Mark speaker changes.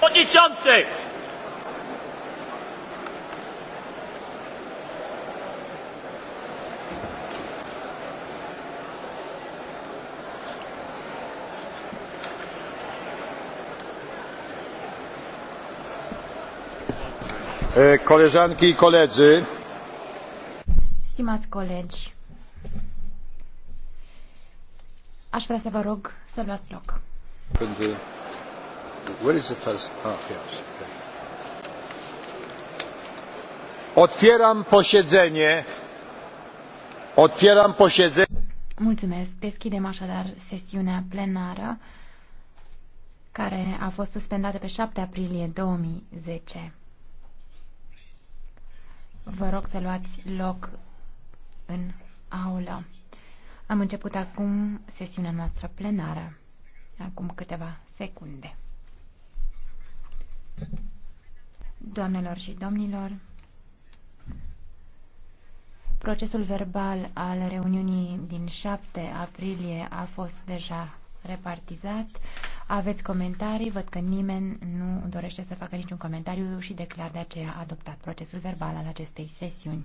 Speaker 1: przewodniczący!
Speaker 2: Koleżanki i koledzy.
Speaker 3: Stimați colegi, aș vrea să vă rog să luați loc.
Speaker 2: Pentru Ah,
Speaker 1: Otwieram posiedzenie. Otwieram posiedzenie.
Speaker 3: Mulțumesc. Deschidem așadar sesiunea plenară care a fost suspendată pe 7 aprilie 2010. Vă rog să luați loc în aulă. Am început acum sesiunea noastră plenară, acum câteva secunde. Doamnelor și domnilor, procesul verbal al reuniunii din 7 aprilie a fost deja repartizat. Aveți comentarii, văd că nimeni nu dorește să facă niciun comentariu și declar de aceea adoptat procesul verbal al acestei sesiuni.